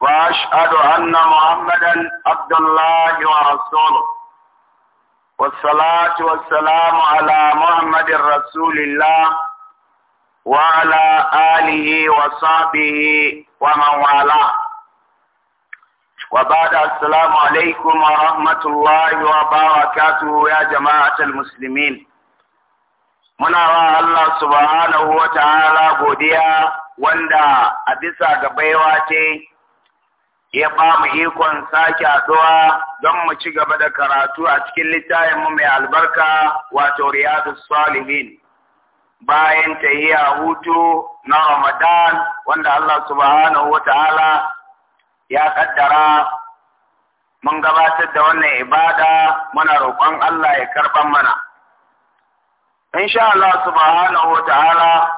وأشهد أن محمدا عبد الله ورسوله والصلاة والسلام على محمد رسول الله وعلى آله وصحبه ومن والاه وبعد السلام عليكم ورحمة الله وبركاته يا جماعة المسلمين muna wa Allah subhanahu wa ta'ala godiya wanda a bisa ga baiwa ce ya ba mu ikon sake addu'a don mu ci gaba da karatu a cikin littafinmu mai albarka wato riyadu salihin bayan ta a hutu na ramadan wanda Allah subhanahu wa ta'ala ya kaddara mun gabatar da wannan ibada muna roƙon Allah ya karɓan mana insha Allah subhanahu wa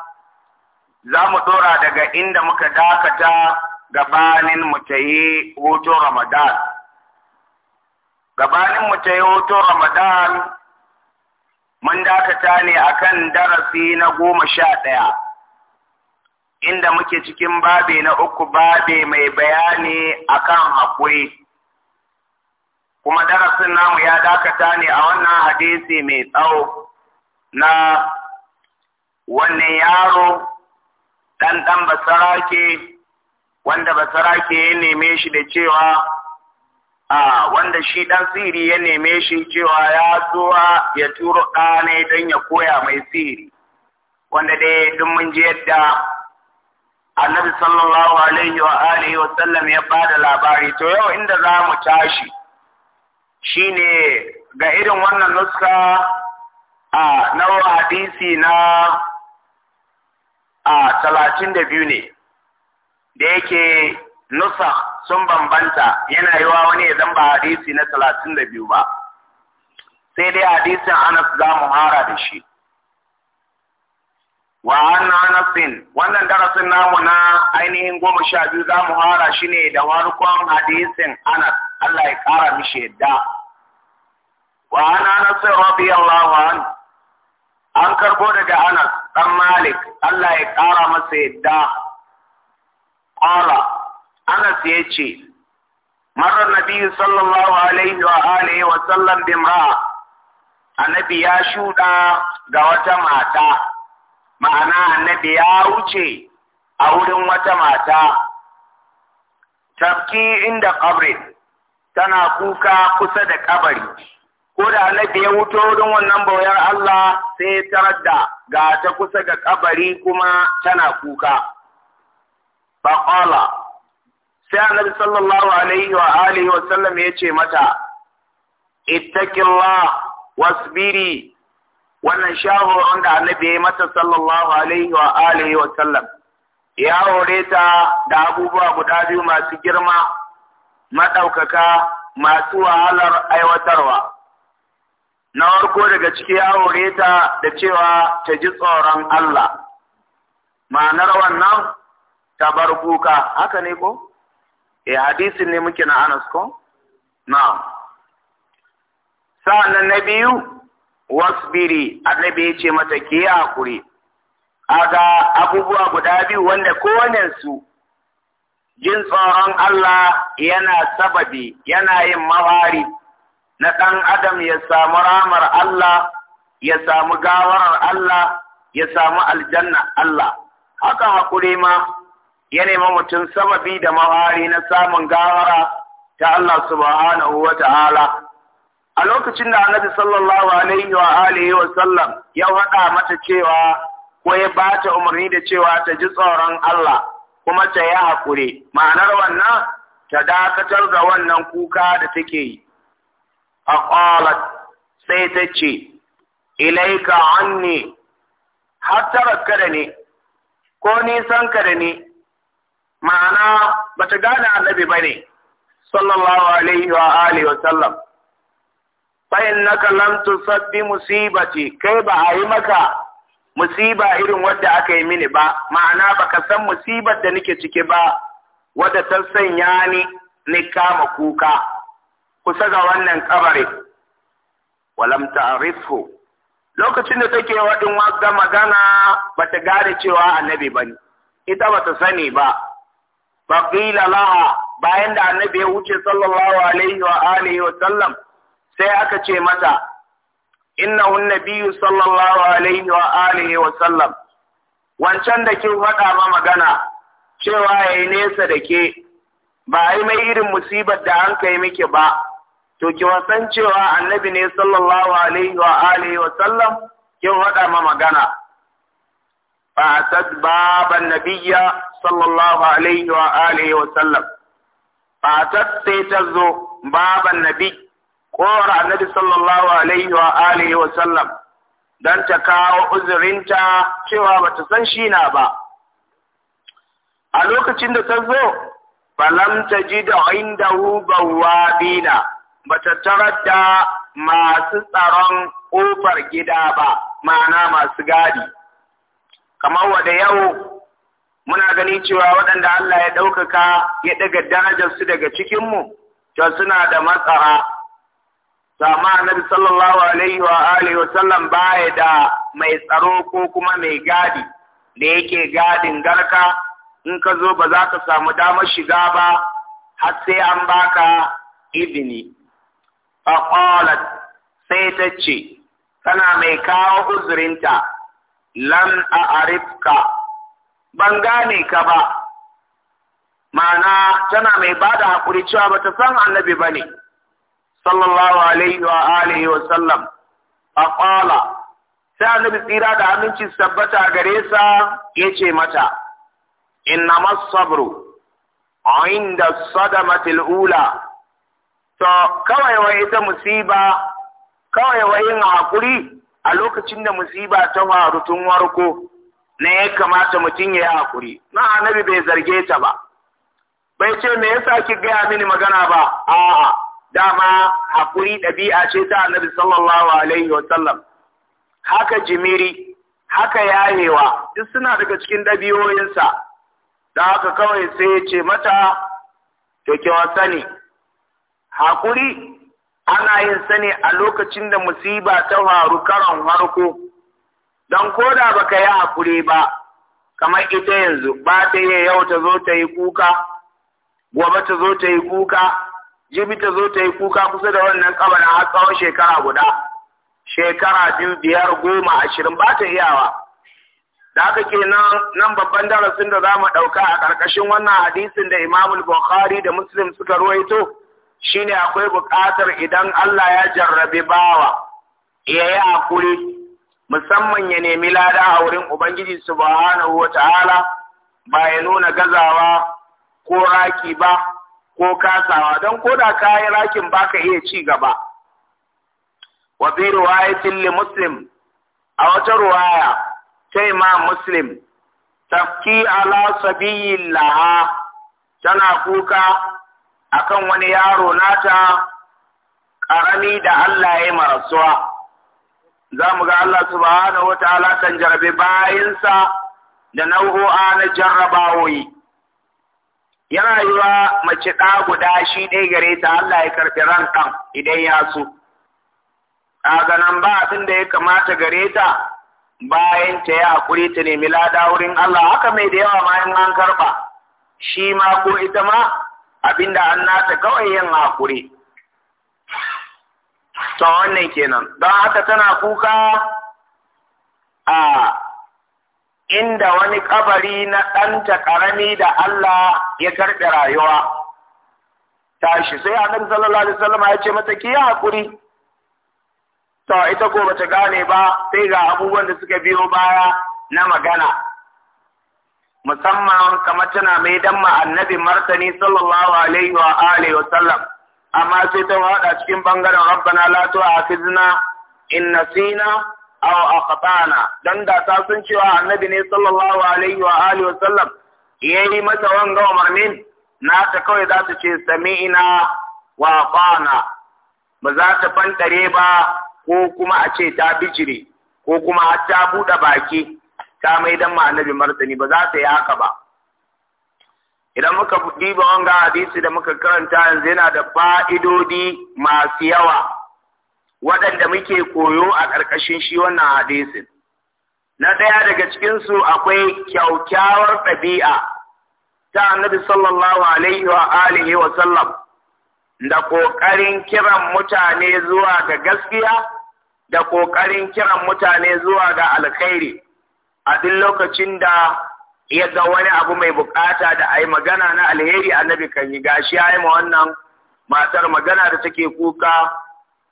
za mu ɗora daga inda muka dakata gabanin mu ta yi hoto Ramadan. Gabanin mu ta yi hoto Ramadan mun dakata ne akan darasi na goma sha ɗaya, inda muke cikin babe na uku babe mai bayani akan haƙuri. Kuma darasin namu ya dakata ne a wannan hadisi mai tsawo na wannan yaro ɗanɗan basarake wanda ke ya neme shi da cewa a wanda shi ɗan siri ya neme shi cewa ya zuwa ya turo ɗane don ya koya mai siri wanda dai duk mun ji yadda annabi sallallahu alaihi wa alihi wa sallam ya bada labari to yau inda za mu tashi shine ga irin wannan nuska a nawa hadisi na a talatin da biyu ne da yake nusa sun bambanta yana wa wani ya zamba hadisi na talatin da biyu ba sai dai hadisin anas za mu hara da shi wa an anasin wannan darasin namu na ainihin goma sha biyu za mu hara shi ne da warkon hadisin anas Allah ya kara mishi yadda wa an anasin radiyallahu anhu an karbo daga anas dan malik Allah ya kara masa yadda Ƙala, Anas ya ce, Marar Nabi sallallahu Alaihi wa Alaihi wa sallam bimra, annabi ya shuɗa ga wata mata, ma'ana annabi ya wuce a wurin wata mata, tafki inda ƙabrin, tana kuka kusa da ƙabari. ko da annabi ya wuto wurin wannan bauyar Allah sai ya tarar da ga ta kusa ga kabari kuma tana kuka faƙala sai annabi sallallahu alaihi wa alihi wa sallam ya ce mata wasu biri. wannan shawarar da annabi ya mata sallallahu alaihi wa alihi wa sallam ya hore ta da abubuwa guda biyu masu girma maɗaukaka masu wahalar aiwatarwa na farko daga ciki ya hore ta da cewa ta ji tsoron Allah ma'anar wannan tabarbuka bar kuka haka ne ko eh hadisin ne muke na Anas ko na'am sa'an na biyu wasbiri annabi yace mata ki hakuri aga abubuwa guda biyu wanda kowannen su jin tsoron Allah yana sababi yana yin mawari na ɗan adam ya samu ramar Allah ya samu gawarar Allah ya samu aljanna Allah haka hakuri ma ya nemi mutum sababi da mahari na samun gawara ta Allah subhanahu wa ta'ala a lokacin da annabi sallallahu alaihi wa alihi wa sallam ya faɗa mata cewa ko ya ba ta umarni da cewa ta ji tsoron Allah kuma ta yi haƙuri ma'anar wannan ta dakatar da wannan kuka da take yi a ƙwalat sai ta ce ilaika anni har ka da ni ko nisan ka da ni ma'ana ba ta gane annabi ba ne. sallallahu alaihi wa alihi wa sallam fa innaka lam tusabbi musibati kai ba a yi maka musiba irin wadda aka yi mini ba ma'ana baka san musibar da nake ciki ba wadda ta sanya ni ni kama kuka kusa ga wannan kabari walam ta'rifu lokacin da take wadin wagga magana bata gane cewa annabi bane ita bata sani ba faqila laha bayan da annabi ya wuce sallallahu alaihi wa alihi wa sallam sai aka ce mata Inna innahu nabiyyu sallallahu alaihi wa alihi wa sallam wancan da kin faɗa ma magana cewa yi nesa da ke ba a yi mai irin musibar da an kai miki ba to ki wasan cewa annabi ne sallallahu alaihi wa alihi wa sallam kin faɗa ma magana فأتت باب النبي صلى الله عليه وآله وسلم فأتت تيتزو باب النبي قرأ النبي صلى الله عليه وآله وسلم don ta kawo uzurinta cewa ba ta san shi na ba. A lokacin da ta zo, falam ta ji da inda hubawa bina, ba ta tarar da masu tsaron ƙofar gida ba, ma'ana masu gadi. kamar wada yau muna gani cewa waɗanda Allah ya ɗaukaka ya ɗaga su daga cikinmu to suna da matsara amma annabi sallallahu alaihi wa Alaihi wa sallam baya da mai tsaro ko kuma mai gadi da yake gadin garka in ka zo ba za ka samu damar shiga ba har sai an baka izini faqalat sai ta ce tana mai kawo uzurinta lan a a'rifka ban gane ka ba ma'ana tana mai bada hakuri cewa bata san annabi bane sallallahu alaihi wa alihi wa sallam aqala sai annabi tsira da aminci tabbata gare sa yace mata innamas A inda sadamatil ula to kawai wa ita musiba kawai wa yin haƙuri? a lokacin da musiba ta faru tun warko na ya kamata mutum ya yi hakuri na annabi bai zarge ta ba bai ce me yasa ki gaya mini magana ba a dama hakuri ɗabi'a ce ta annabi sallallahu alaihi wa sallam haka jimiri haka yayewa duk suna daga cikin ɗabi'oyinsa da haka kawai sai ya ce mata to ki sani hakuri ana yin sa ne a lokacin da musiba ta faru karon harko don koda baka yi hakuri ba kamar ita yanzu ba ta yi yau ta zo ta yi kuka gobe ta zo ta yi kuka jibi ta zo ta yi kuka kusa da wannan kabana har tsawon shekara guda shekara biyu biyar goma ashirin ba ta iyawa da haka ke nan babban darasin da za mu ɗauka a ƙarƙashin wannan hadisin da imamul bukhari da muslim suka ruwaito shine akwai buƙatar idan Allah ya jarrabe bawa ya yi hakuri musamman ya nemi lada a wurin Ubangiji subhanahu wa ta'ala ba ya nuna gazawa ko raki ba ko kasawa don koda ka yi rakin ba ka iya ci gaba. Wa bi riwayatin li Muslim a wata ruwaya ta Imam Muslim tafki ala sabiyin laha tana kuka akan wani yaro nata ƙarami da Allah ya yi marasuwa. Za mu ga Allah subhanahu wa ta'ala kan jarabe bayansa da nau'o'a na jarrabawoyi. Yana yi mace ɗa guda shi ɗaya gare ta Allah ya karɓi ran ɗan idan ya so. A nan ba abin da ya kamata gare ta bayan ta ya hakuri ta nemi lada wurin Allah haka mai da yawa bayan an karɓa. Shi ma ko ita ma abinda an nata kawai yin hakuri ta wannan kenan don haka tana kuka a inda wani kabari na ɗanta ƙarami da Allah ya karɓe rayuwa tashi sai annabi sallallahu alaihi wasallam ya ce mata ki hakuri to ita ko bata gane ba sai ga abubuwan da suka biyo baya na magana musamman kamar tana mai dan annabi martani sallallahu alaihi wa alihi wa sallam amma sai ta wada cikin bangaren rabbana la tu'akhizna in nasina aw aqtana dan da ta sun cewa annabi ne sallallahu alaihi wa alihi wa sallam yayi masa wanga umarnin na ta kawai za ta ce sami'ina wa aqana ba za ta fantare ba ko kuma a ce ta bijire ko kuma har ta buɗe baki ta mai dan ma annabi martani ba za ta yi haka ba idan muka diba wanga hadisi da muka karanta yanzu yana da fa'idodi masu yawa waɗanda muke koyo a ƙarƙashin shi wannan hadisin na ɗaya daga cikinsu akwai kyaukyawar ɗabi'a ta annabi sallallahu alaihi wa alihi wa sallam da ƙoƙarin kiran mutane zuwa ga gaskiya da ƙoƙarin kiran mutane zuwa ga alkhairi a duk lokacin da ya ga wani abu mai bukata da a yi magana na alheri annabi kan yi gashi ya yi ma wannan matar magana da take kuka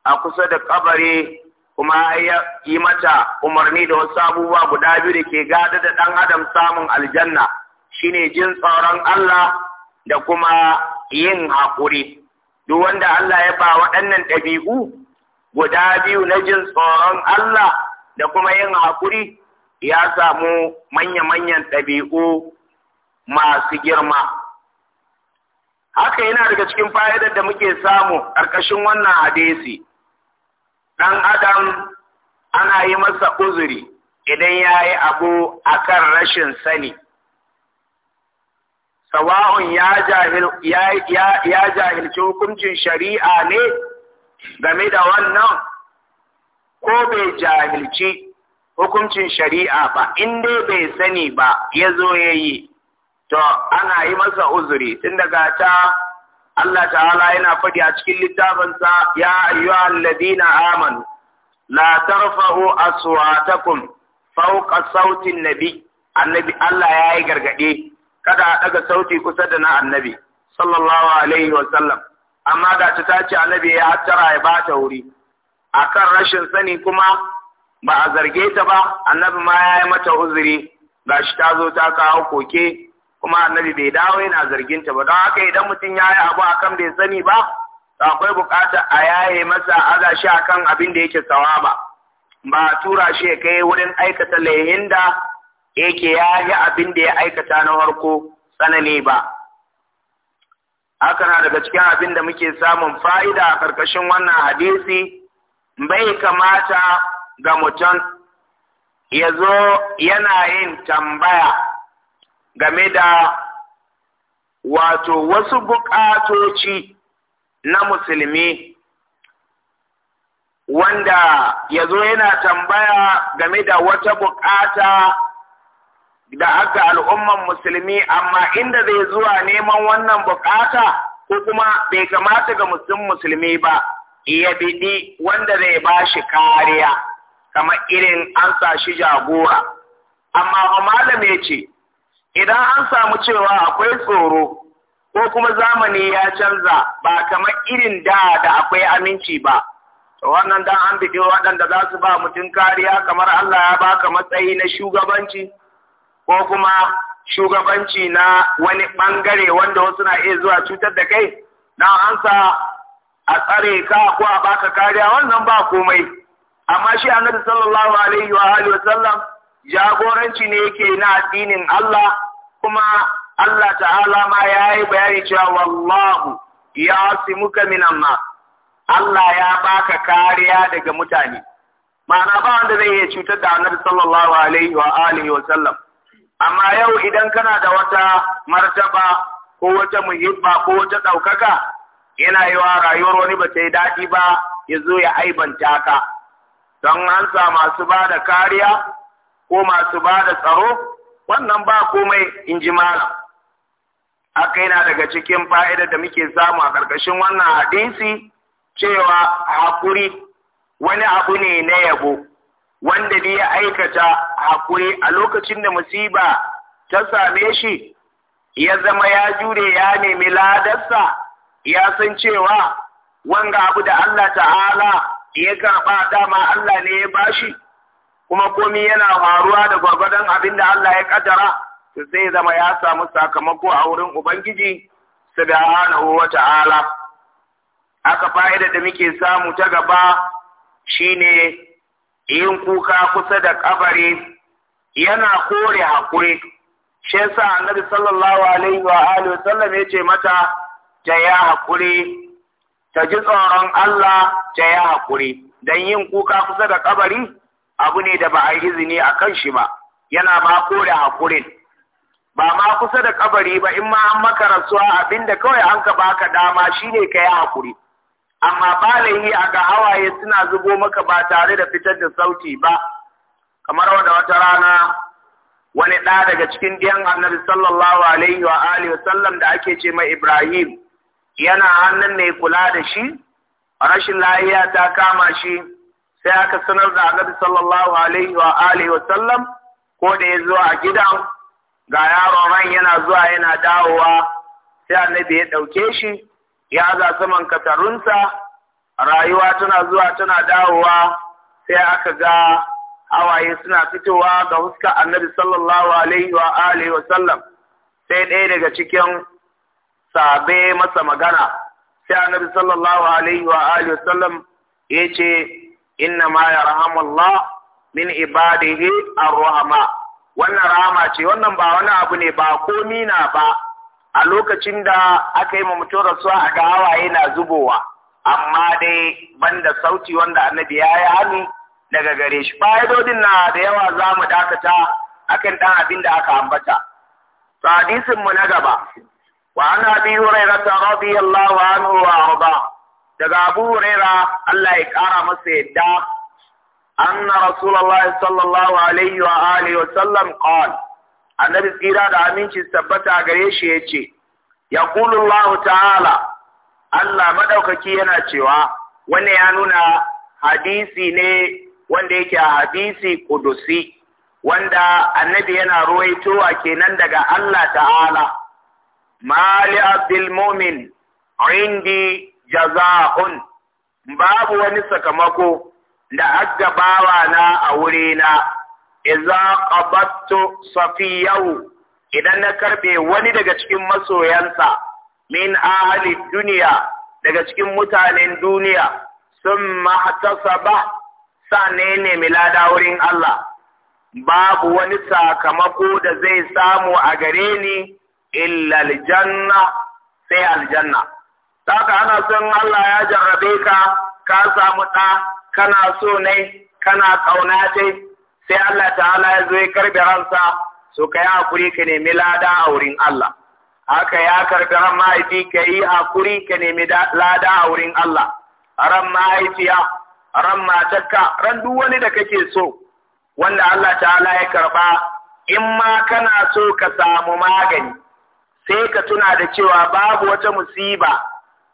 a kusa da kabare kuma ya yi mata umarni da wasu abubuwa guda biyu da ke gada da ɗan adam samun aljanna shine jin tsoron Allah da kuma yin haƙuri duk wanda Allah ya ba waɗannan ɗabi'u guda biyu na jin tsoron Allah da kuma yin haƙuri ya samu manya-manyan ɗabi'u masu girma. Haka yana daga cikin fa'idar da muke samu ƙarƙashin wannan hadisi, ɗan adam ana yi masa uzuri idan ya yi abu a kan rashin sani. Sawa'un ya jahilci hukuncin shari'a ne game da wannan ko bai jahilci hukuncin shari'a ba in dai bai sani ba ya zo ya yi to ana yi masa uzuri tun daga ta Allah ta'ala yana faɗi a cikin littafinsa ya ayyuhal ladina amanu la tarfa'u aswatakum fawqa sautin nabi annabi Allah ya yi gargaɗe kada a daga sauti kusa da na annabi sallallahu alaihi wa sallam amma da ta ce annabi ya tara ya bata wuri akan rashin sani kuma ba a zarge ta ba annabi ma ya yi mata uzuri ga shi ta zo ta kawo koke kuma annabi bai dawo yana zargin ta ba don haka idan mutum ya yi abu akan bai sani ba akwai bukatar a yaye masa aza shi akan abin da yake sawaba ba Ba a tura shi ya kai wurin aikata laihin da yake ya yi abin da ya aikata na farko tsanani ba haka na daga cikin abin da muke samun fa'ida a ƙarƙashin wannan hadisi bai kamata ga mutum ya zo yana yin tambaya game da wato wasu buƙatoci na musulmi wanda ya zo yana tambaya game da wata buƙata da aka al'umman musulmi amma inda zai zuwa neman wannan buƙata ko kuma bai kamata ga musulmi ba ya biɗi wanda zai ba shi kariya. kamar irin an sa shi jagora amma malami ya ce idan an samu cewa akwai tsoro ko kuma zamani ya canza ba kamar irin da da akwai aminci ba wannan dan an bige waɗanda za su ba mutum kariya kamar Allah ya baka matsayi na shugabanci ko kuma shugabanci na wani ɓangare wanda wasu na iya zuwa cutar da kai na an sa a tsare ka ko a baka kariya wannan ba komai amma shi annabi sallallahu alaihi wa alihi wasallam jagoranci ne yake na addinin Allah kuma Allah ta'ala ma ya yi bayani cewa wallahu muka minan ma Allah ya baka kariya daga mutane ma'ana ba wanda zai iya cutar da annabi sallallahu alaihi wa alihi wasallam amma yau idan kana da wata martaba ko wata muhibba ko wata ɗaukaka yana yi wa rayuwar wani ba ta yi daɗi ba ya zo ya aibanta ka don hansa masu ba da kariya ko masu ba da tsaro wannan ba komai in ji malam aka yana daga cikin fa'idar da muke samu a ƙarƙashin wannan hadisi cewa hakuri wani abu ne na yabo wanda ya aikata hakuri a lokacin da musiba ta same shi ya zama ya jure ya nemi ladarsa ya san cewa wanga abu da Allah ta'ala ya karɓa dama Allah ne ya bashi kuma komi yana faruwa da gwargwadon abin da Allah ya ƙaddara to zai zama ya samu sakamako a wurin Ubangiji subhanahu wa ta'ala aka fa'ida da muke samu ta gaba shine yin kuka kusa da kabari yana kore hakuri shi yasa annabi sallallahu alaihi wa alihi wasallam yace mata ta ya hakuri ta ji tsoron Allah ta yi haƙuri don yin kuka kusa da kabari abu ne da ba a yi izini a kan shi ba yana ma kore haƙurin ba ma kusa da kabari ba in ma an maka rasuwa da kawai an ka baka dama shine ka yi haƙuri amma ba laihi a ga hawaye suna zubo maka ba tare da fitar da sauti ba kamar wanda wata rana wani ɗa daga cikin ɗiyan annabi sallallahu alaihi wa alihi da ake ce mai ibrahim yana hannun mai kula da shi rashin lahiya ta kama shi sai aka sanar da annabi sallallahu alaihi wa alihi wa sallam ko da ya zo a gidan ga yaron ran yana zuwa yana dawowa sai annabi ya ɗauke shi ya za saman katarunsa rayuwa tana zuwa tana dawowa sai aka ga hawaye suna fitowa ga huska annabi sallallahu alaihi wa alihi wa sallam sai ɗaya daga cikin sabe masa magana sai annabi sallallahu alaihi wa alihi wasallam yace inna ma yarhamullah min ibadihi arrahama wannan rahama ce wannan ba wani abu ne ba komi na ba a lokacin da aka yi mutum rasuwa a ga hawaye na zubowa amma dai banda sauti wanda annabi ya yi hannu daga gare shi fa'idodin na da yawa za mu dakata akan dan abin da aka ambata hadisin mu na gaba وعن أبي هريرة رضي الله wa وأرضاه daga Abu Huraira Allah ya ƙara masa yadda na rasulallah sallallahu alaihi wa alihi wa sallam qala annabi tsira da aminci tabbata gare shi ya ce. Allah ta'ala Allah madaukaki yana cewa wani ya nuna hadisi ne wanda yake hadisi kudusi wanda annabi yana ruwaitowa kenan daga Allah ta'ala Mali li abdul mu'min indi jaza'un babu wani sakamako da aka na a wurina iza qabattu safiyahu idan na karbe wani daga cikin masoyansa min ahli duniya daga cikin mutanen duniya sun ba. sane ne milada wurin Allah babu wani sakamako da zai samu a gare ni illa aljanna sai aljanna saka ana son Allah ya jarrabe ka ka samu ɗa kana so ne kana kauna ce sai Allah ta'ala ya zo ya karbe ransa so ka yi hakuri ka nemi lada a wurin Allah haka ya karbi ran mahaifi ka yi hakuri ka nemi lada a wurin Allah ran mahaifiya ran matarka ran duk wani da kake so wanda Allah ta'ala ya karba in ma kana so ka samu magani sai ka tuna da cewa babu wata musiba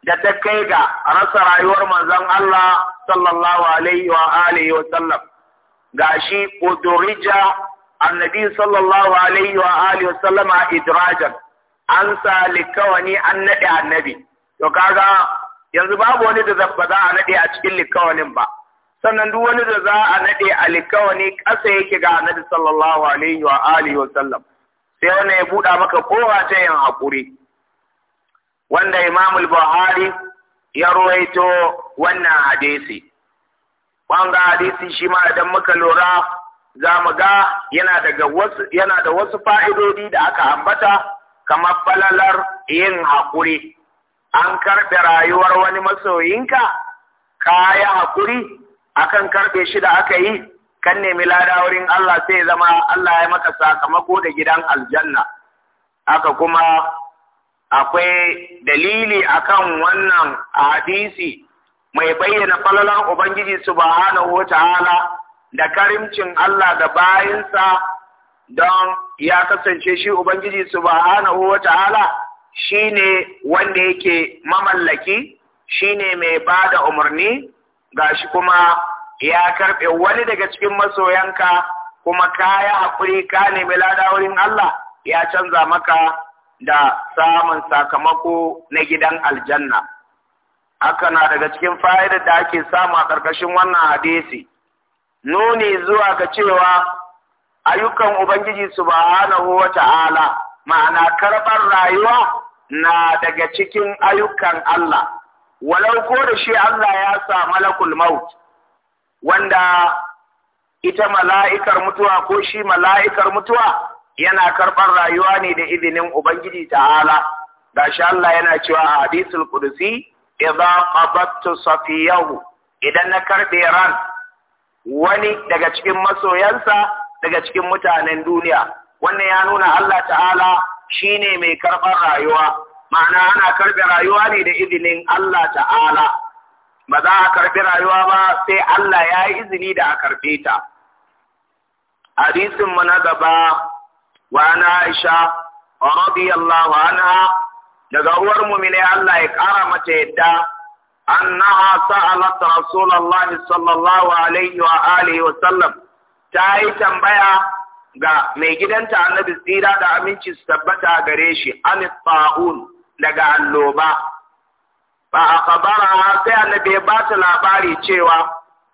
da ta kai ga rasa rayuwar manzon Allah sallallahu alaihi wa alihi wa sallam gashi udurija annabi sallallahu alaihi wa alihi wa a idrajan an salikawani an nade annabi to kaga yanzu babu wani da zabba za a naɗe a cikin likawanin ba sannan duk wani da za a naɗe a likawani ƙasa yake ga annabi sallallahu alaihi wa alihi wa sallam sai wannan ya buɗa maka kowa ta yin haƙuri wanda imamul buhari ya ruwaito wannan hadisi wanga hadisi shi ma idan muka lura za mu ga yana yana da wasu fa'idodi da aka ambata kamar falalar yin haƙuri an karɓe rayuwar wani masoyinka ka yi haƙuri akan karɓe shi da aka yi kan nemi lada wurin Allah sai zama Allah ya maka sakamako da gidan aljanna haka kuma akwai dalili akan wannan hadisi mai bayyana falalan Ubangiji subhanahu wata'ala da karimcin Allah da bayinsa don ya kasance shi Ubangiji subhanahu wata'ala shi ne wanda yake mamallaki shine mai ba da umarni ga shi kuma ya karɓe wani daga cikin masoyanka kuma kaya yi haƙuri ka nemi lada wurin Allah ya canza maka da samun sakamako na gidan aljanna. Haka na daga cikin fa'idar da ake samu a ƙarƙashin wannan hadisi, nuni zuwa ga cewa ayyukan Ubangiji su hana wa ta'ala ma'ana karɓar rayuwa na daga cikin ayyukan Allah, walau ko da shi Allah ya sa malakul maut. wanda ita mala'ikar mutuwa ko shi mala'ikar mutuwa yana karɓar rayuwa ne da izinin Ubangiji ta'ala. Da shi Allah yana cewa a hadisul kudusi, "Iza qabattu safiyahu idan na karɓe ran wani daga cikin masoyansa daga cikin mutanen duniya. Wannan ya nuna Allah ta'ala shi ne mai karɓar rayuwa, ma'ana ana karɓe rayuwa ne da izinin Allah ta'ala. ba za a karɓi rayuwa ba sai Allah ya yi izini da a karɓe ta. Hadisin na gaba wa na Aisha radiyallahu anha daga uwar mumine Allah ya ƙara mata yadda annaha sa'alat Rasulallah sallallahu alaihi wa alihi wa sallam ta yi tambaya ga mai gidanta annabi tsira da aminci su tabbata gare shi an daga alloba fa akhbaraha sai annabi ya ba ta labari cewa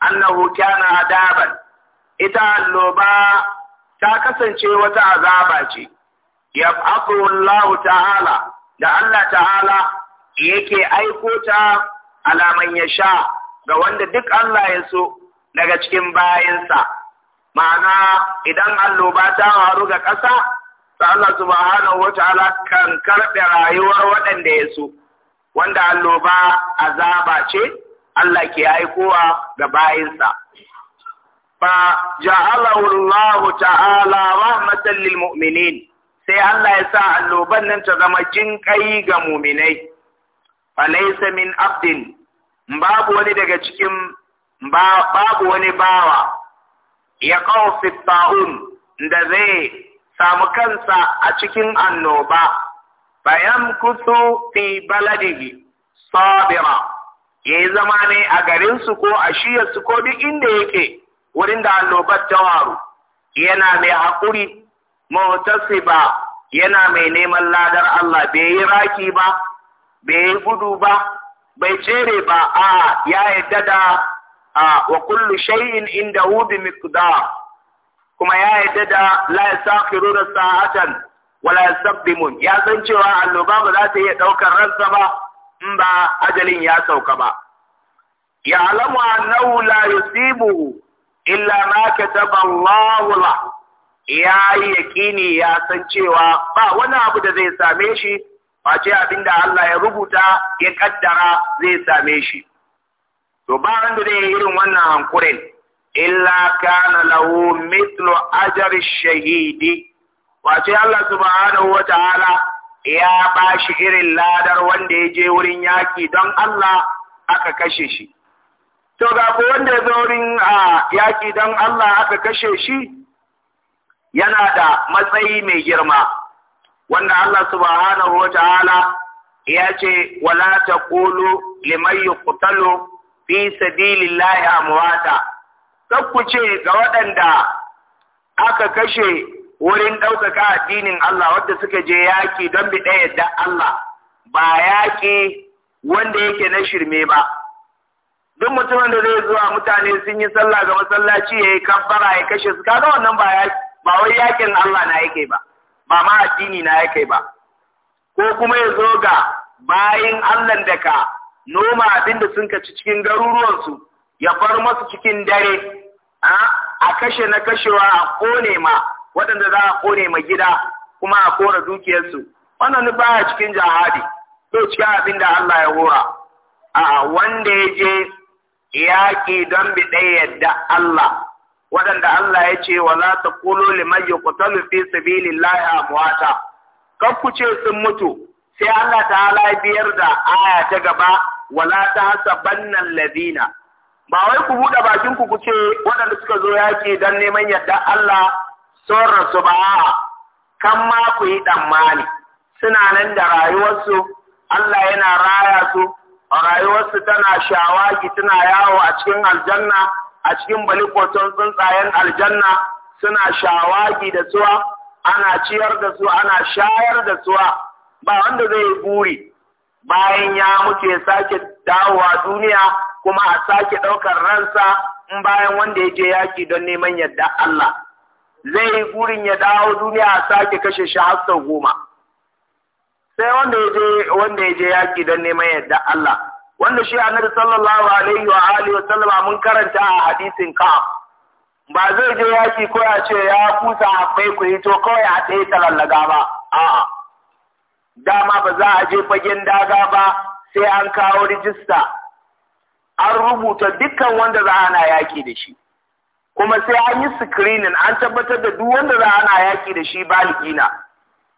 annahu kana adaban ita loba ta kasance wata azaba ce ya Allah ta'ala da Allah ta'ala yake aiko ta alaman ya sha ga wanda duk Allah ya so daga cikin bayansa ma'ana idan alloba ta faru ga ƙasa ta Allah subhanahu wata'ala kan karɓe rayuwar waɗanda ya so wanda alloba azaba ce Allah ke aikowa ga bayinsa. Ba ja'alahu Allah ta'ala rahmatan lil mu'minin sai Allah ya sa alloban nan ta zama jinƙai ga muminai. Fa laysa min abdin babu wani daga cikin babu wani bawa ya kawo da zai samu kansa a cikin annoba. fayamkusu fi baladihi sabira ya yi zama ne a garinsu ko a su, ko duk inda yake wurin da annobar ta waru yana mai haƙuri mutasiba yana mai neman ladar Allah bai yi raki ba bai yi gudu ba bai jere ba a ya yadda da wa kullu shay'in inda bi miqdar kuma ya yadda da la yasakhiru sa'atan wala yasabbimun ya san cewa annoba ba za ta iya daukar ransa ba in ba ajalin ya sauka ba ya alamu annahu la yusibuhu illa ma kataba Allahu la ya yakini ya san cewa ba wani abu da zai same shi ba ce abinda Allah ya rubuta ya kaddara zai same shi to ba wanda zai irin wannan hankurin illa kana lahu mithlu ajri shahidi wato Allah subhanahu wataala ya bashi irin ladar wanda ya je wurin yaki don Allah aka kashe shi to ga ku wanda ya zo wurin yaki don Allah aka kashe shi yana da matsayi mai girma wanda Allah subhanahu wataala ya ce wala taqulu liman yuqtalu fi sabilillahi amwata kakku ce ga waɗanda aka kashe wurin ɗaukaka addinin Allah wadda suka je yaƙi don ɗaya yadda Allah ba yaƙi wanda yake na shirme ba. Duk mutumin da zai zuwa mutane sun yi sallah ga masallaci ya yi kabbara ya kashe su kaga wannan ba ba wai yaƙin Allah na yake ba, ba ma addini na yake ba. Ko kuma ya zo ga bayan Allah da ka noma abin da sun kaci cikin garuruwansu ya bar masu cikin dare a kashe na kashewa a kone ma waɗanda za a kone mai gida kuma a kore dukiyarsu wannan ba a cikin jihadi to cikin abin da Allah ya hora a wanda ya je yaƙi don biɗai yadda Allah waɗanda Allah ya ce wa za ta kulo liman ya kutalu fi sabilillahi muwata kan ku ce sun mutu sai Allah ta hala biyar da aya ta gaba wala ta hasabannan ladina ba wai ku buɗe bakin ku ku waɗanda suka zo yaƙi don neman yadda Allah sun rasu ba kan ma ku yi tsammani suna nan da rayuwarsu Allah yana raya su a rayuwarsu tana shawagi tana yawo a cikin aljanna a cikin balikoton tsuntsayen aljanna suna shawagi da suwa ana ciyar da su ana shayar da suwa ba wanda zai yi buri bayan ya muke sake dawowa duniya kuma a sake ɗaukar ransa in bayan wanda ya je yaƙi don neman yadda Allah zai yi burin ya dawo duniya a sake kashe shi har goma sai wanda ya je wanda ya je yaki don neman yadda Allah wanda shi annabi sallallahu alaihi wa alihi wa sallama mun karanta a hadisin ka ba zai je yaki ko ya ce ya kusa akwai ku to kawai a tsaye talallaga ba a'a dama ba za a je fagen daga ba sai an kawo rijista an rubuta dukkan wanda za ana yaki da shi kuma sai an yi screening an tabbatar da duk wanda za ana yaki da shi baliki na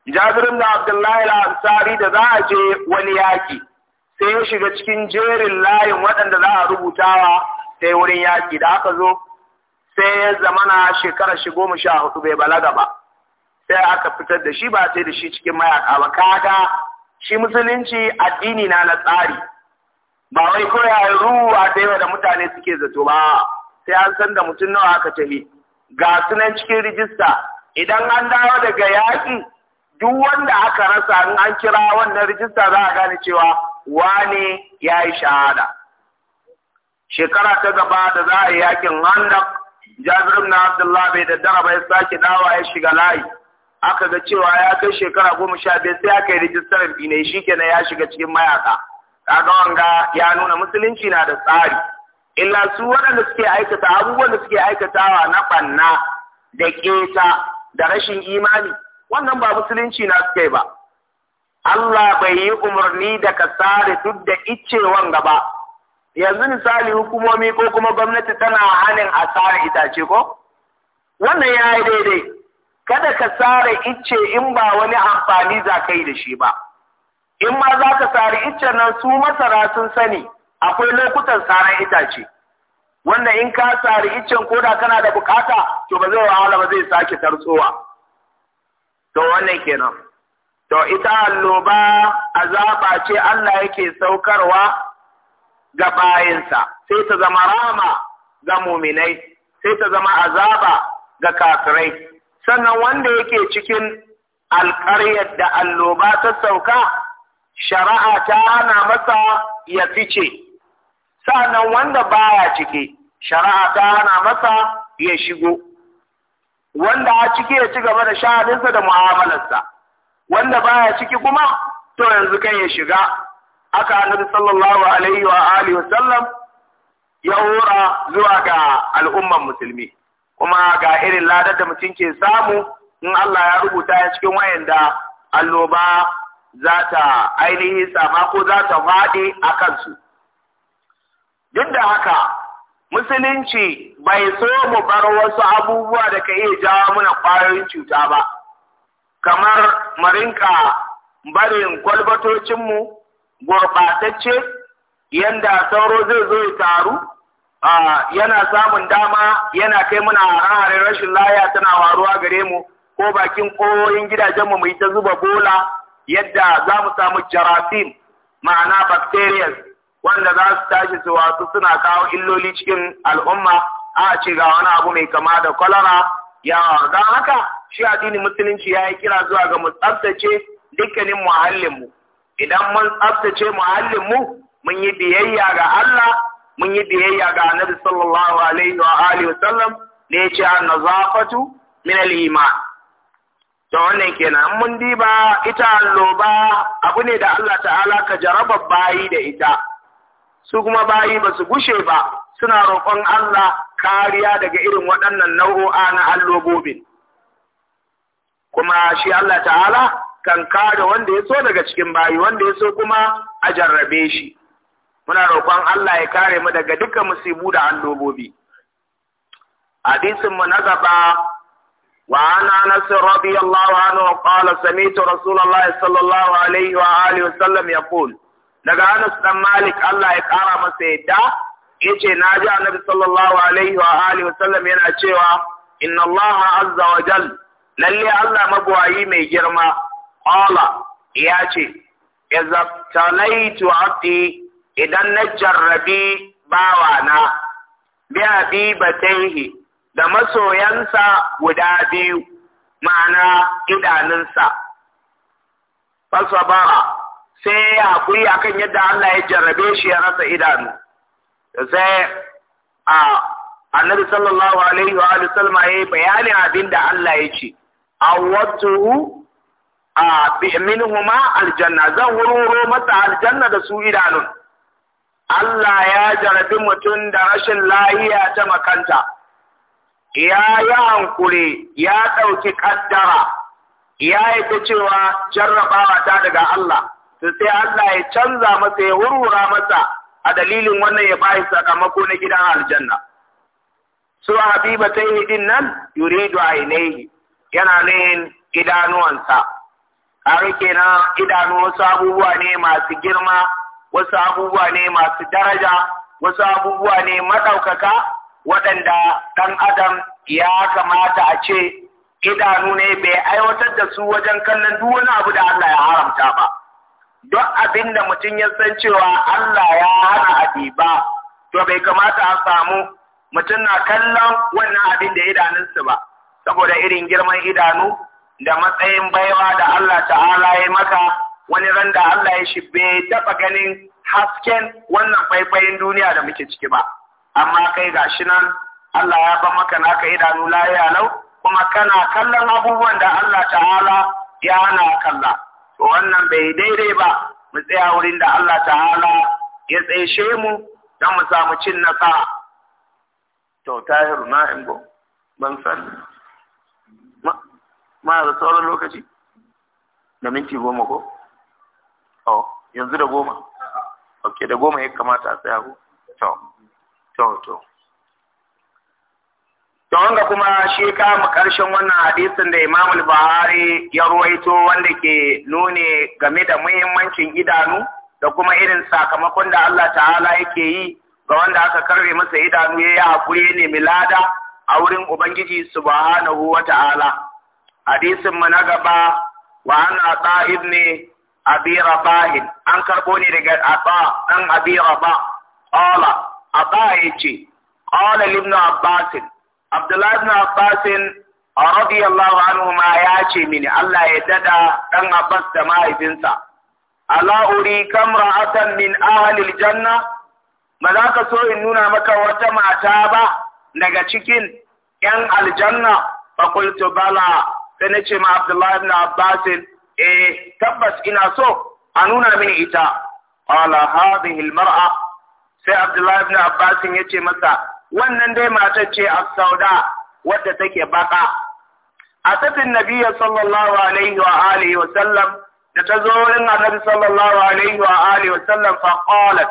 jabirin da abdullahi al-ansari da za a je wani yaki sai ya shiga cikin jerin layin waɗanda za a rubutawa sai wurin yaki da aka zo sai ya zamana shekara shi goma sha hudu bai balaga ba sai aka fitar da shi ba sai da shi cikin mayaka ba kaga shi musulunci addini na na tsari ba wai kawai ruwa da yawa mutane suke zato ba sai an san da mutum nawa aka tafi ga sunan cikin rijista idan an dawo daga yaƙi duk wanda aka rasa in an kira wannan rijista za a gane cewa wane ya yi shahada shekara ta gaba da za a yi yakin handak jabir na abdullah bai da daraba ya sake dawa ya shiga layi aka ga cewa ya kai shekara goma sha biyar sai aka yi rijistar bine shi kenan ya shiga cikin mayaka kaga wanga ya nuna musulunci na da tsari illa su waɗanda suke aikata abubuwan da suke aikatawa na ɓanna da ƙeta da rashin imani wannan ba musulunci na suke ba Allah bai yi umarni da ka sare duk da iccewan gaba yanzu misali hukumomi ko kuma gwamnati tana hanin a sare itace ko wannan ya yi daidai kada ka sare icce in ba wani amfani za ka yi da shi ba in ma za ka sare iccen nan su masara sun sani akwai lokutan saran itace wanda in ka sari iccen koda kana da bukata to ba zai wahala ba zai sake tarsowa to wannan kenan to ita alloba azaba ce Allah yake saukarwa ga bayansa, sai ta zama rama ga muminai sai ta zama azaba ga kafirai sannan wanda yake cikin alƙaryar da alloba ta sauka shari'a ta hana masa ya fice sa'annan wanda baya ciki shari'a ta hana masa ya shigo wanda a ciki ya ci gaba da shahadinsa da mu'amalarsa wanda baya ciki kuma to yanzu kan ya shiga aka annabi sallallahu alaihi wa alihi wasallam ya hura zuwa ga al'umman musulmi kuma ga irin ladar da mutum ke samu in Allah ya rubuta ya cikin wayanda alloba za ta ainihi sama ko za ta faɗi a kansu duk da haka musulunci bai so mu bar wasu abubuwa da ka iya jawo mana ƙwayoyin cuta ba kamar marinka barin kwalbatocinmu gurɓatacce yadda sauro zai zo ya taru yana samun dama yana kai muna hare rashin laya tana waruwa gare mu ko bakin ƙoyoyin gidajenmu mu yi ta zuba bola yadda za mu samu jarasim ma'ana bacterias wanda za su tashi su wasu suna kawo illoli cikin al'umma a ce ga wani abu mai kama da kwalara ya don haka shi addinin musulunci ya yi kira zuwa ga mu tsaftace dukkanin muhallinmu idan mun tsaftace muhallinmu mun yi biyayya ga Allah mun yi biyayya ga annabi sallallahu alaihi wa alihi wa sallam ne ya ce an nazafatu min al-iman to wannan kenan mun diba ita alloba abu ne da Allah ta'ala ka jaraba bayi da ita su kuma bayi ba su gushe ba suna roƙon Allah kariya daga irin waɗannan nau'o'a na allobobin kuma shi Allah ta'ala kan kare wanda ya so daga cikin bayi wanda ya so kuma a jarrabe shi muna roƙon Allah ya kare mu daga duka musibu da allobobi hadisin mu na gaba wa ana anas radiyallahu anhu qala ta rasulullahi sallallahu alaihi wa alihi ya yaqul daga Anas dan Malik Allah ya kara masa yadda yace na ji Annabi sallallahu alaihi wa alihi wasallam yana cewa inna Allah azza wa jal lalle Allah magwayi mai girma qala ya ce idza talaitu abdi idan na jarrabi bawana bi habibataihi da masoyansa guda biyu ma'ana idanunsa fasabara sai ya a kan yadda Allah ya jarrabe shi ya rasa idanu sai a annabi sallallahu alaihi wa alihi sallama ya yi bayanin abin da Allah ya ce awwatuhu a bi minhuma aljanna zan wuro masa aljanna da su idanu. Allah ya jarrabi mutum da rashin lahiya ta makanta ya yi hankuri ya ɗauki ƙaddara ya yi ta cewa jarrabawa ta daga Allah sai Allah ya canza masa ya wurwura masa a dalilin wannan ya bayi sakamako na gidan aljanna su habiba ta yi din nan yuridu ainihi yana nuhin idanuwansa har kenan idanu wasu abubuwa ne masu girma wasu abubuwa ne masu daraja wasu abubuwa ne maɗaukaka waɗanda ɗan adam ya kamata a ce idanu ne bai aiwatar da su wajen kallon duk wani abu da Allah ya haramta ba Don abin da mutum ya san cewa Allah ya hana ba, to bai kamata a samu mutum na kallon wannan abin da idanunsu ba saboda irin girman idanu da matsayin baiwa da Allah ta'ala ya maka wani ran da Allah ya shibbe taɓa ganin hasken wannan faifayin duniya da muke ciki ba amma kai ga shi nan Allah ya ban maka naka idanu lafiya lau kuma kana kallon abubuwan da Allah ta'ala ya hana kalla wannan bai daidai ba mu tsaya wurin da Allah ta'ala ya tsaye mu don mu samu cin nasara to tahiru na ingo ban san ma da sauran lokaci da minti goma ko oh yanzu da goma ok da goma ya kamata a tsaya ko to to to To wanga kuma shi kama ƙarshen wannan hadisin da Imam Buhari ya ruwaito wanda ke nune game da muhimmancin idanu da kuma irin sakamakon da Allah ta'ala yake yi ga wanda aka karbe masa idanu ya yi hakuri ne nemi a wurin Ubangiji subhanahu wa ta'ala. Hadisin mu na gaba wa ana ta ibne abi an karɓo ne daga aba ɗan abi rabah qala aba yace qala ibn abbas Abdullahi bin Abbas radiyallahu anhu ma ya ce mini Allah ya dada dan Abbas da mahaifinsa ala uri atan min ahli janna ma za ka so in nuna maka wata mata ba daga cikin yan aljanna fa qultu bala sai na ce ma Abdullahi bin Abbas eh tabbas ina so a nuna mini ita qala hadhihi almar'a sai Abdullahi bin Abbas ya ce masa wannan dai matar ce a sauda wadda take baka tafin nabiyyi sallallahu alaihi wa alihi wa sallam da ta zo wurin annabi sallallahu alaihi wa alihi wa sallam fa qalat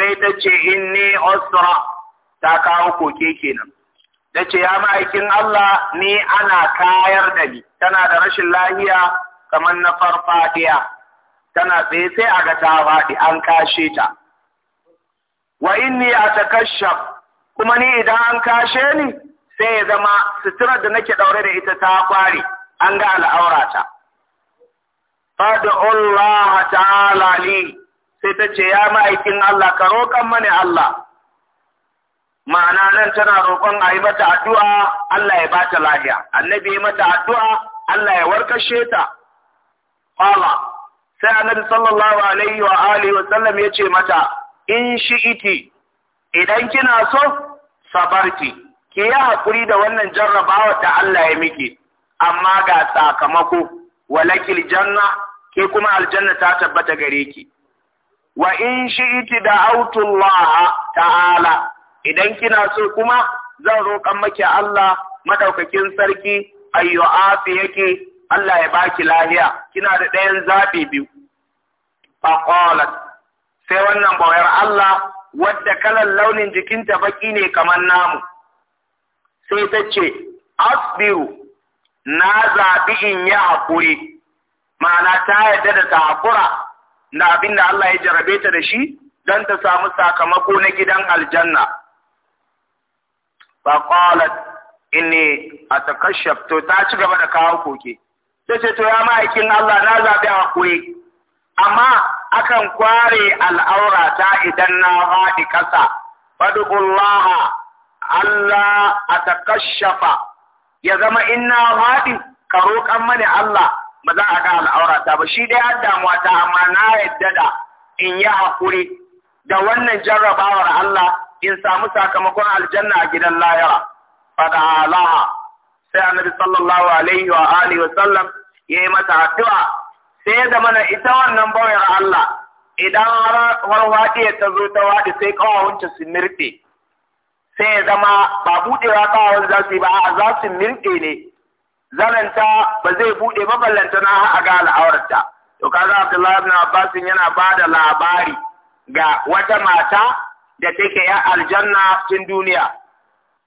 sai ta ce inni usra ta kawo koke kenan ta ce ya ma'aikin Allah ni ana kayar da ni tana da rashin lahiya kamar na farfadiya tana tsaye sai a ga ta faɗi an kashe ta wa inni atakashshaf kuma ni idan an kashe ni sai ya zama suturar da nake daure da ita ta kware an ga al'aurata Allah ta'ala li sai ta ce ya ma'aikin Allah ka roƙan mani Allah ma'ana nan tana roƙon a yi mata addu'a Allah ya bata lafiya annabi ya mata addu'a Allah ya warkashe ta Fala sai annabi sallallahu alaihi wa alihi wa sallam yace mata in shi'iti idan kina so sabarti ki yi haƙuri da wannan jarrabawa ta Allah ya miki amma ga sakamako walakil janna ke kuma aljanna ta tabbata gare ki wa in shi'iti da autullah ta'ala idan kina so kuma zan roƙan maki Allah madaukakin sarki ayyo afi yake Allah ya baki lahiya kina da ɗayan zabi biyu faqalat sai wannan bawayar Allah wadda kalan launin jikinta baki ne kamar namu sai ta ce asbiru na zaɓi in yi haƙuri ma'ana ta yarda da ta haƙura na abin da Allah ya jarabe ta da shi don ta samu sakamako na gidan aljanna ba a inni kashe, to ta ci gaba da kawo koke Ta ce to ya ma'aikin Allah na zaɓi haƙuri amma akan kware al'aurata idan na faɗi ƙasa fadukullaha Allah a takashafa ya zama in na faɗi ka mani Allah ba za a ga al'aurata ba shi dai an damuwa ta amma na yadda da in yi haƙuri da wannan jarrabawar Allah in samu sakamakon aljanna a gidan layara fada alaha sai annabi sallallahu alaihi wa alihi wa sallam ya yi mata addu'a sai ya zama na ita wannan bawar Allah idan har ya ta zo ta waɗi sai kawawunta su mirɗe sai ya zama ba buɗewa ƙawawun za su yi ba a za su mirɗe ne zananta ba zai buɗe maballanta na a ga al'awarta. to kaga Abdullahi ibn Abbas yana ba da labari ga wata mata da take ya aljanna cikin duniya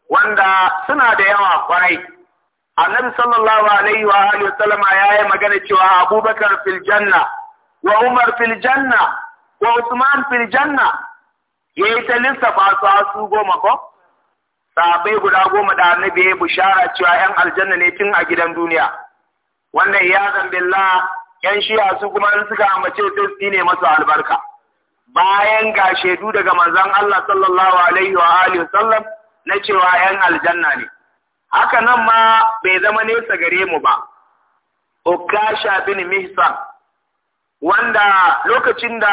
wanda suna da yawa kwarai annabi sallallahu alaihi wa alihi ya yayi magana cewa abubakar fil janna wa umar fil janna wa usman fil janna yayi ta lissafa su su goma ko sahabbai guda goma da annabi ya bishara cewa yan aljanna ne tun a gidan duniya wannan ya zambilla yan shi'a su kuma in suka amace sai ne masu albarka bayan ga shaidu daga manzon Allah sallallahu alaihi wa alihi sallam na cewa yan aljanna ne haka nan ma bai zama nesa gare mu ba ukasha bin mihsan wanda lokacin da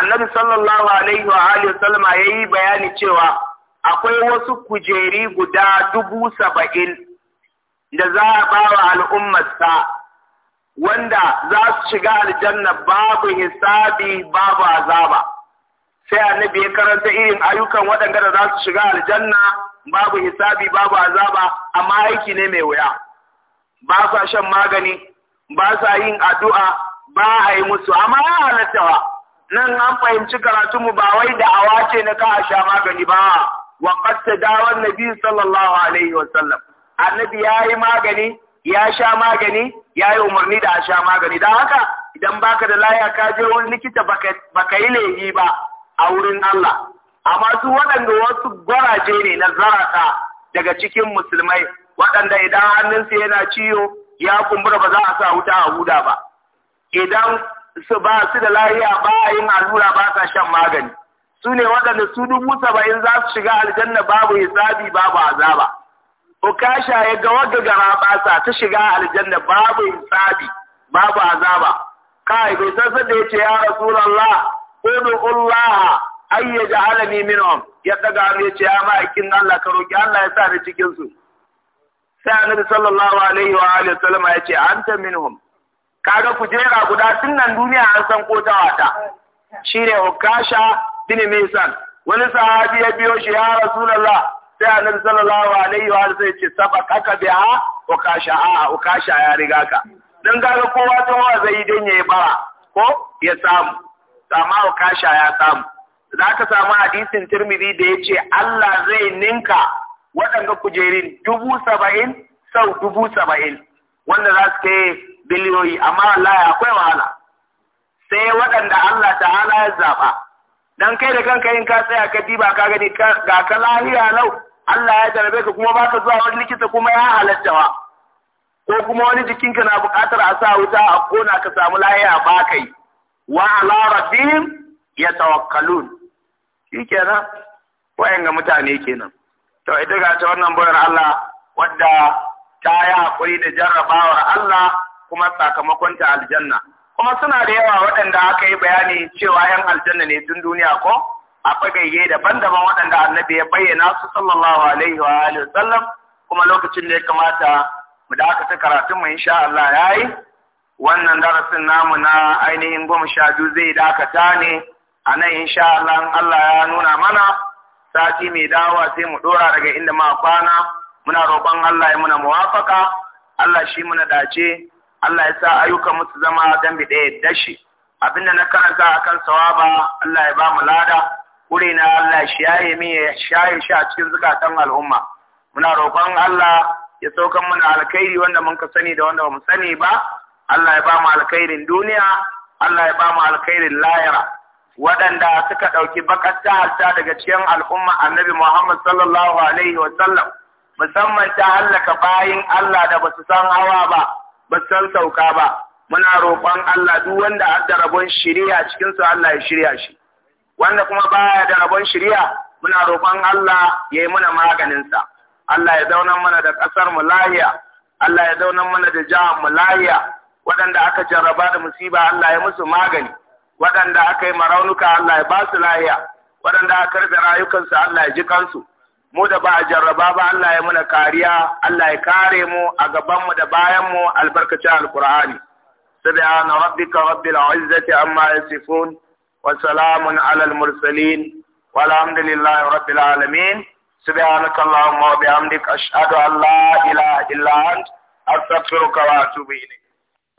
annabi sallallahu alaihi wa alihi ya yi bayani cewa akwai wasu kujeri guda dubu saba'in da za a ba al'ummarsa wanda za su shiga aljanna babu hisabi babu azaba sai annabi ya karanta irin ayyukan waɗanda da za su shiga aljanna babu hisabi babu azaba amma aiki ne mai wuya ba sa shan magani ba sa yin addu'a ba a yi musu amma ya halattawa nan an fahimci karatu mu ba wai da awa ce na ka a sha magani ba wa qatta dawan nabi sallallahu alaihi wa sallam annabi yayi magani ya sha magani ya yi umarni da a sha magani don haka idan baka da laya ka je wani likita baka yi lehi ba a wurin Allah amma su waɗanda wasu gwaraje ne na zarata daga cikin musulmai waɗanda idan hannunsu yana ciwo ya kumbura ba za a sa wuta a huda ba idan su ba su da lahiya ba a yin allura ba sa shan magani su ne waɗanda su dubu saba'in za su shiga aljanna babu hisabi babu azaba ukasha ya ga wadda gara basa ta shiga aljanna babu hisabi babu azaba kai bai san da ce ya rasulallah Kudu Allah ay yaj'alani minhum ya daga mu ce ya ma'aikin Allah ka roki Allah ya sa ni cikin su sai annabi sallallahu alaihi wa alihi wasallam ya ce anta minhum kaga jera guda tun nan duniya an san ko ta wata shine ukasha bin misan wani sahabi ya biyo shi ya rasulullah sai annabi sallallahu alaihi wa alihi ya ce sabaqaka biha ukasha a ukasha ya riga ka dan kaga kowa ta wa zai dan yayi bara ko ya samu sama wa kasha ya samu za ka samu hadisin tirmidhi da ya ce Allah zai ninka waɗanda kujerin dubu saba'in sau dubu saba'in wanda za su kai biliyoyi amma wallahi akwai wahala sai waɗanda Allah ta'ala ya zaɓa dan kai da kanka yin ka tsaya ka diba ka gani ga ka lahiya lau Allah ya jarabe ka kuma baka zuwa wani likita kuma ya halattawa ko kuma wani jikinka na buƙatar a sa wuta a kona ka samu lahiya ba kai wa ala rabbihim yatawakkalun shikenan wayan ga mutane kenan to ita ga ta wannan bayar Allah wadda ta yi hakuri da jarrabawar Allah kuma sakamakon ta aljanna kuma suna da yawa waɗanda aka yi bayani cewa yan aljanna ne tun duniya ko a fagayye daban-daban waɗanda annabi ya bayyana su sallallahu alaihi wa alihi kuma lokacin da ya kamata mu da aka ta karatun mu insha Allah yayi wannan darasin namu na ainihin goma sha biyu zai dakata ne a nan insha Allah Allah ya nuna mana sati mai dawa sai mu dora daga inda ma kwana muna roƙon Allah ya muna muwafaka Allah shi muna dace Allah ya sa ayyukan su zama dambe ɗaya dashi abinda na karanta akan sawaba Allah ya ba mu lada kure na Allah shi yaye min ya shaye shi a cikin zukatan al'umma muna roƙon Allah ya saukan mana alkhairi wanda mun ka sani da wanda ba mu sani ba Allah ya ba mu alkhairin duniya Allah ya ba mu alkhairin lahira waɗanda suka ɗauki bakar ta daga cikin al'umma annabi Muhammad sallallahu alaihi wa sallam musamman ta hallaka bayin Allah da basu san hawa ba basu san sauka ba muna roƙon Allah duk wanda rabon cikin su Allah ya shirya shi wanda kuma baya da rabon shiriya muna roƙon Allah ya yi mana maganinsa. sa Allah ya zauna mana da ƙasar mu Allah ya zauna mana da jihar mu lahiya waɗanda aka jarraba da musiba Allah ya musu magani waɗanda aka yi maraunuka Allah ya ba su lahiya waɗanda aka rufe rayukansu Allah ya ji kansu mu da ba a jarraba ba Allah ya muna kariya Allah ya kare mu a gaban mu da bayan mu albarkacin alqur'ani subhana rabbika rabbil izzati amma yasifun wa salamun alal mursalin walhamdulillahi rabbil alamin subhanaka allahumma wa bihamdika ashhadu an la ilaha illa anta astaghfiruka wa